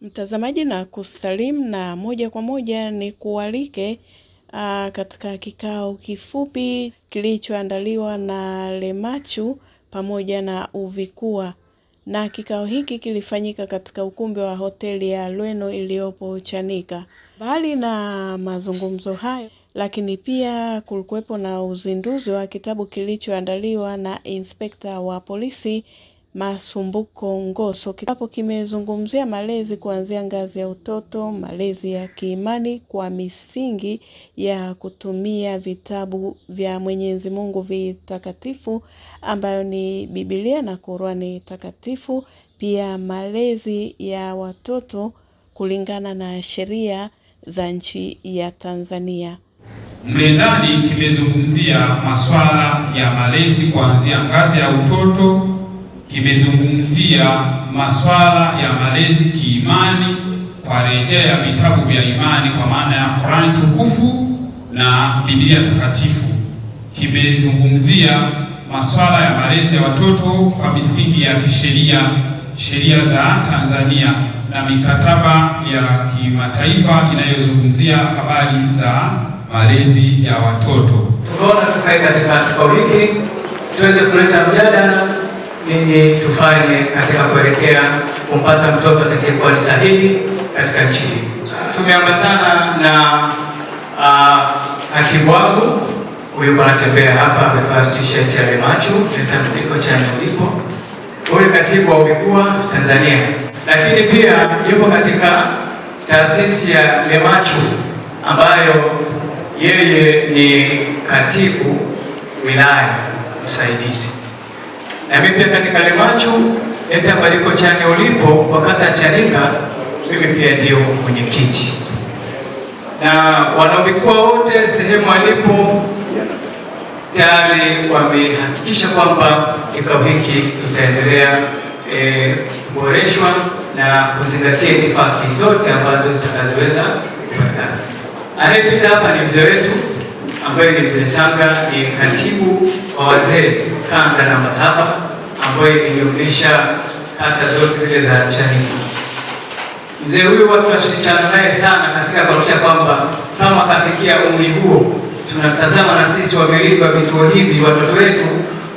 Mtazamaji na kusalimu na moja kwa moja ni kualike aa, ah, katika kikao kifupi kilichoandaliwa na Lemachu pamoja na Uvikua, na kikao hiki kilifanyika katika ukumbi wa hoteli ya Lweno iliyopo Chanika. Mbali na mazungumzo hayo, lakini pia kulikuwepo na uzinduzi wa kitabu kilichoandaliwa na inspekta wa polisi Masumbuko Ngoso, kitabu kimezungumzia malezi kuanzia ngazi ya utoto, malezi ya kiimani kwa misingi ya kutumia vitabu vya Mwenyezi Mungu vitakatifu ambayo ni Biblia na Qurani takatifu, pia malezi ya watoto kulingana na sheria za nchi ya Tanzania. Mle ndani kimezungumzia masuala ya malezi kuanzia ngazi ya utoto kimezungumzia maswala ya malezi kiimani kwa rejea ya vitabu vya imani kwa maana ya Qur'ani tukufu na Biblia takatifu. Kimezungumzia maswala ya malezi ya watoto kwa misingi ya kisheria, sheria za Tanzania na mikataba ya kimataifa inayozungumzia habari za malezi ya watoto. Tumeona tukae katika kikao hiki tuweze kuleta mjadala nini tufanye katika kuelekea kumpata mtoto atakayekuwa ni sahihi katika nchi hii. Tumeambatana na ah, katibu wangu huyu, anatembea hapa, amevaa t-shirt ya Lemachu, kitambiko cha ulipo Huyu katibu wa Tanzania, lakini pia yupo katika taasisi ya Lemachu ambayo yeye ni katibu wilaya msaidizi Nami pia katika Limachu eta bariko chani ulipo kwa kata mimi pia ndio mwenyekiti na wanavikuwa wote sehemu walipo tayari wamehakikisha kwamba kikao hiki kitaendelea e, kuboreshwa na kuzingatia itifaki zote ambazo zitakazoweza kupatikana. Anayepita hapa ni mzee wetu ambaye ni mzee Sanga, ni katibu kwa wazee kanda namba saba ambayo ilionyesha kanda zote zile za Chanika. Mzee huyu watu washirikiana naye sana katika kuhakikisha kwamba kama kafikia umri huo, tunamtazama na sisi wamiliki wa vituo hivi, watoto wetu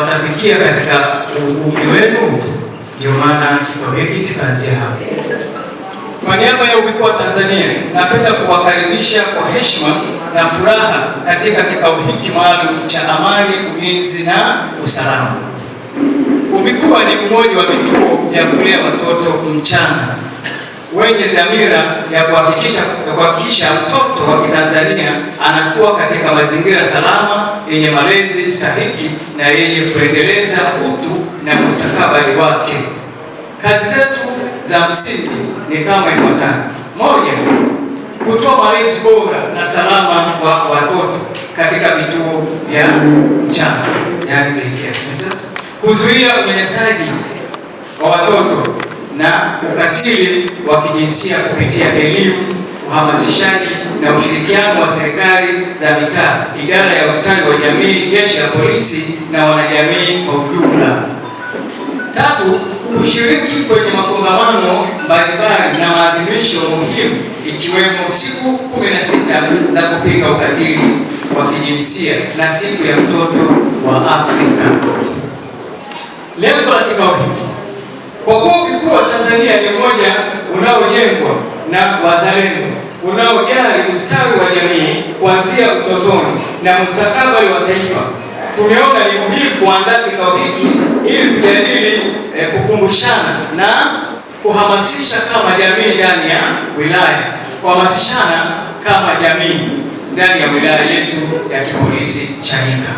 watafikia katika umri wenu. Ndio maana kikao hiki kikaanzia hapa. Kwa niaba ya UVIKUWA Tanzania, napenda kuwakaribisha kwa heshima na furaha katika kikao hiki maalum cha amani, ulinzi na usalama. Umekuwa ni mmoja wa vituo vya kulea watoto mchanga wenye dhamira ya kuhakikisha kuhakikisha mtoto wa Kitanzania anakuwa katika mazingira salama yenye malezi stahiki na yenye kuendeleza utu na mustakabali wake. Kazi zetu za msingi ni kama ifuatavyo: moja kutoa malezi bora na salama kwa watoto katika vituo vya mchana, yani daycare centers, kuzuia unyanyasaji wa watoto na ukatili wa kijinsia kupitia elimu, uhamasishaji na ushirikiano wa serikali za mitaa, idara ya ustawi wa jamii, jeshi la polisi na wanajamii kwa ujumla. Tatu, kushiriki kwenye makongamano mbalimbali na maadhimisho muhimu ikiwemo siku kumi na sita za kupinga ukatili wa kijinsia na siku ya mtoto wa Afrika. Lengo la kikao hiki, kwa kuwa ukikuu wa Tanzania ni mmoja unaojengwa na wazalendo unaojali ustawi wa jamii kuanzia utotoni na mustakabali wa taifa, tumeona ni muhimu kuandaa kikao hiki ili tujadili eh, kukumbushana na kuhamasisha kama jamii ndani ya wilaya, kuhamasishana kama jamii ndani ya wilaya yetu ya kipolisi Chanika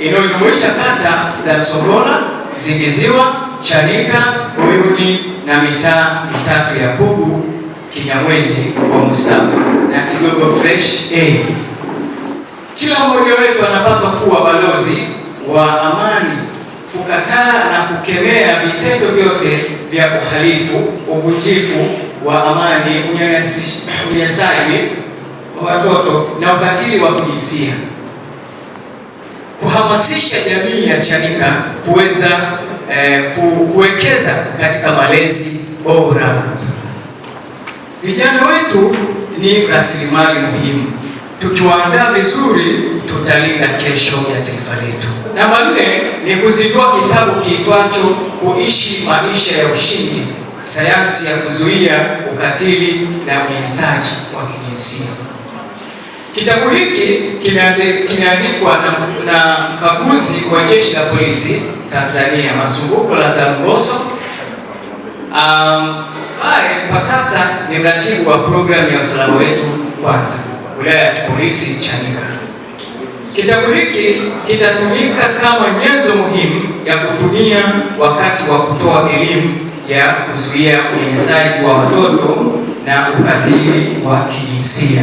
inayojumuisha kata za Msogola, Zingiziwa, Chanika, Uyuni na mitaa mitatu ya Pugu, Kinyamwezi kwa Mustafa na Kigogo Fresh A. Kila mmoja wetu anapaswa kuwa balozi wa amani, kukataa na kukemea vitendo vyote vya uhalifu, uvunjifu wa amani, unyanyasaji wa watoto na ukatili wa kijinsia, kuhamasisha jamii ya Chanika kuweza eh, kuwekeza katika malezi bora. Vijana wetu ni rasilimali muhimu, tukiwaandaa vizuri, tutalinda kesho ya taifa letu. Namba nne ni kuzindua kitabu kiitwacho Kuishi Maisha ya Ushindi, sayansi ya kuzuia ukatili na unyanyasaji wa kijinsia. Kitabu hiki kimeandikwa na, na mkaguzi wa jeshi la polisi Tanzania Masumbuko Lazaro Mbosso ambaye um, kwa sasa ni mratibu wa programu ya usalama wetu kwanza wilaya ya kipolisi nchini Kitabu hiki kitatumika kama nyenzo muhimu ya kutumia wakati wa kutoa elimu ya kuzuia unyanyasaji wa watoto na ukatili wa kijinsia.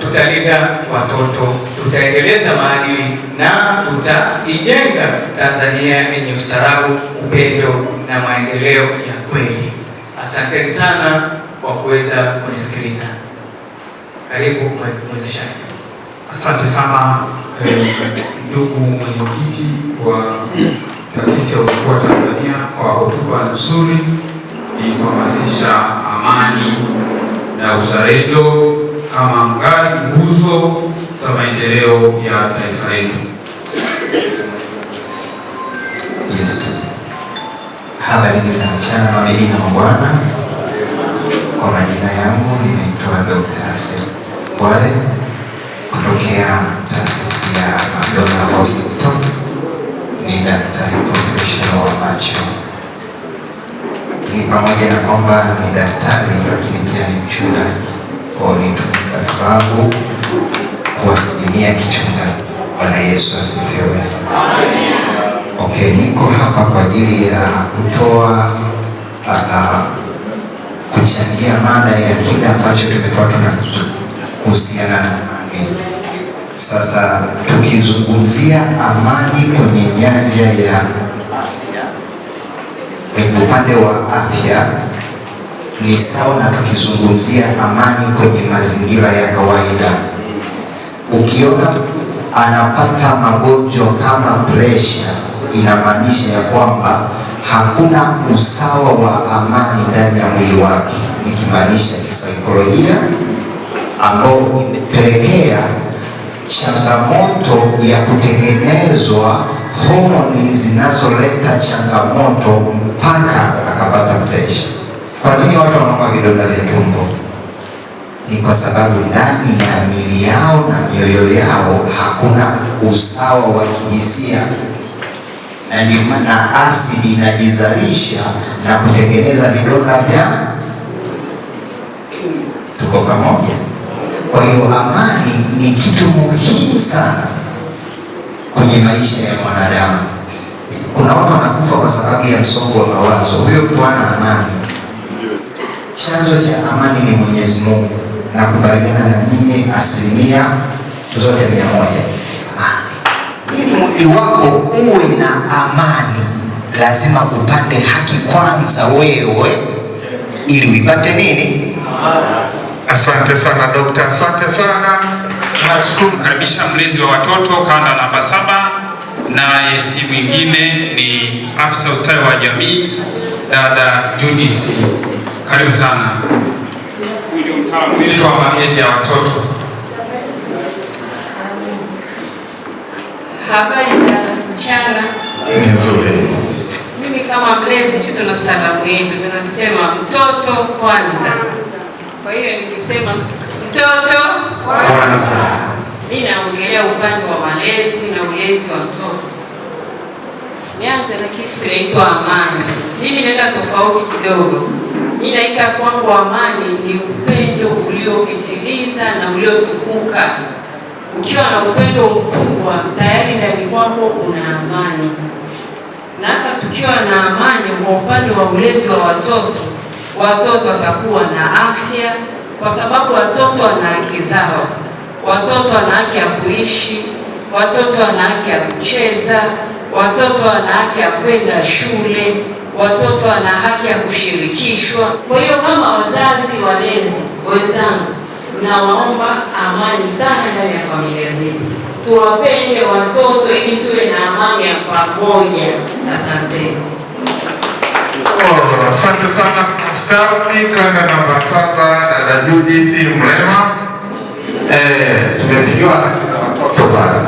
Tutalinda watoto, tutaendeleza maadili na tutaijenga Tanzania yenye ustarabu, upendo na maendeleo ya kweli. Asanteni sana kwa kuweza kunisikiliza. Karibu mwezeshaji. Asante sana eh, ndugu eh, mwenyekiti wa taasisi ya Ufufuo wa Tanzania kwa hotuba nzuri ni kuhamasisha amani na uzalendo kama ngari nguzo za maendeleo ya taifa letu. Yes. Habari za mchana mabibi na mabwana, kwa majina yangu ninaitwa Dr. Asel kutoa uh, kuchangia mada ya kile ambacho tumekuwa tunakuhusiana na amani. Sasa tukizungumzia amani kwenye nyanja ya afya, kwenye upande wa afya ni sawa na tukizungumzia amani kwenye mazingira ya kawaida. Ukiona anapata magonjwa kama presha, inamaanisha ya kwamba hakuna usawa wa amani ndani ya mwili wake, nikimaanisha kisaikolojia, ambao imepelekea changamoto ya kutengenezwa homoni zinazoleta changamoto mpaka akapata presha. Kwa nini watu wanaoma vidonda vya tumbo? Ni kwa sababu ndani ya miili yao na mioyo yao hakuna usawa wa kihisia na ndio maana asidi inajizalisha na kutengeneza vidonda vya. Tuko pamoja? Kwa hiyo amani ni kitu muhimu sana kwenye maisha ya mwanadamu. Kuna watu wanakufa kwa sababu ya msongo wa mawazo, huyo mtu hana amani. Chanzo cha amani ni Mwenyezi Mungu, na kubaliana na nyinyi asilimia zote mia moja wako uwe na amani, lazima upande haki kwanza wewe, ili uipate nini? Asante sana dokta, asante sana. Nashukuru. Karibisha mlezi wa watoto kanda namba saba, naye si mwingine ni afisa ustawi wa jamii dada Judith. Karibu sana. Mwili wa malezi ya watoto Habari za mchana nzuri. Mimi kama mlezi sisi tuna salamu yetu, tunasema mtoto kwanza. Kwa hiyo nikisema mtoto kwanza, mimi naongelea upande wa malezi na ulezi wa mtoto. Nianze na kitu kinaitwa amani. Mimi naenda tofauti kidogo, mimi naita kwangu amani ni upendo uliopitiliza na uliotukuka ukiwa na upendo mkubwa, tayari ndani kwako una amani. Na sasa tukiwa na amani kwa upande wa ulezi wa watoto, watoto watakuwa na afya, kwa sababu watoto wana haki zao. Watoto wana haki ya kuishi, watoto wana haki ya kucheza, watoto wana haki ya kwenda shule, watoto wana haki ya kushirikishwa. Kwa hiyo kama wazazi walezi wenzangu nawaomba amani sana ndani ya familia zetu, tuwapende watoto ili tuwe na amani ya pamoja. Asante, oh, asante oh, sana askari kanda namba saba dada Judith Mrema. Eh, tumepigiwa watoto bana,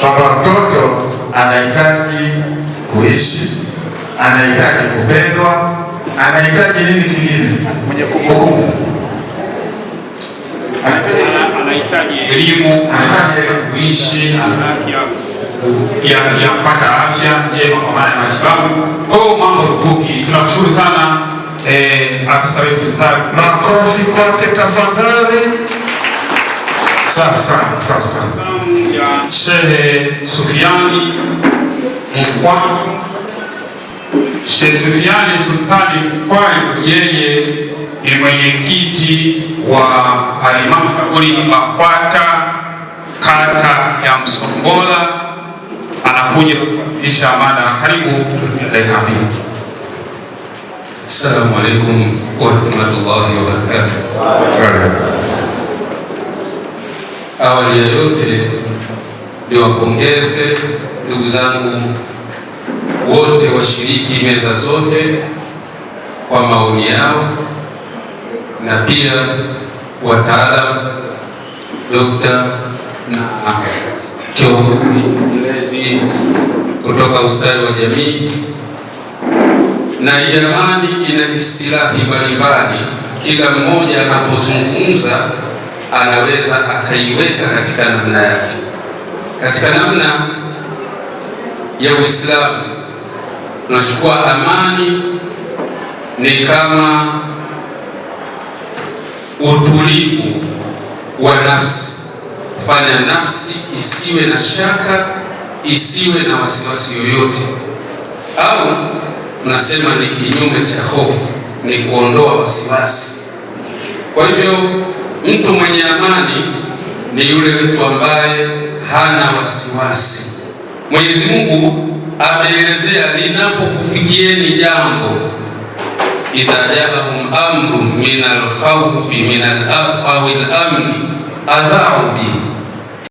kwamba mtoto anahitaji kuishi, anahitaji kupendwa, anahitaji nini kingine elimu, kuishi ya kupata afya njema kwa maana ya matibabu. Kwa mambo rupuki. Tunamshukuru sana eh, afisa wetu staafu. Makofi kwake tafadhali. Safi sana, safi sana. Shehe Sufiani Mkwayu, Shehe Sufiani Sultani Mkwayu yeye ni mwenyekiti wa halmashauri ya BAKWATA kata ya Msongola, anakuja kuwasilisha mada. Karibu dakika mbili. Assalamu alaikum warahmatullahi wabarakatuh. Awali ya yote niwapongeze ndugu zangu wote washiriki meza zote kwa maoni yao na pia wataalamu dokta na kiongozi mlezi kutoka ustawi wa jamii. Na jamani, ina istilahi mbalimbali, kila mmoja anapozungumza anaweza akaiweka katika namna yake, katika namna ya Uislamu tunachukua amani ni kama utulivu wa nafsi, fanya nafsi isiwe na shaka, isiwe na wasiwasi yoyote, au mnasema ni kinyume cha hofu, ni kuondoa wasiwasi. Kwa hivyo mtu mwenye amani ni yule mtu ambaye hana wasiwasi. Mwenyezi Mungu ameelezea, ninapokufikieni jambo إذا جاءهم أمر من الخوف من الأب أو الأمن أذعوا به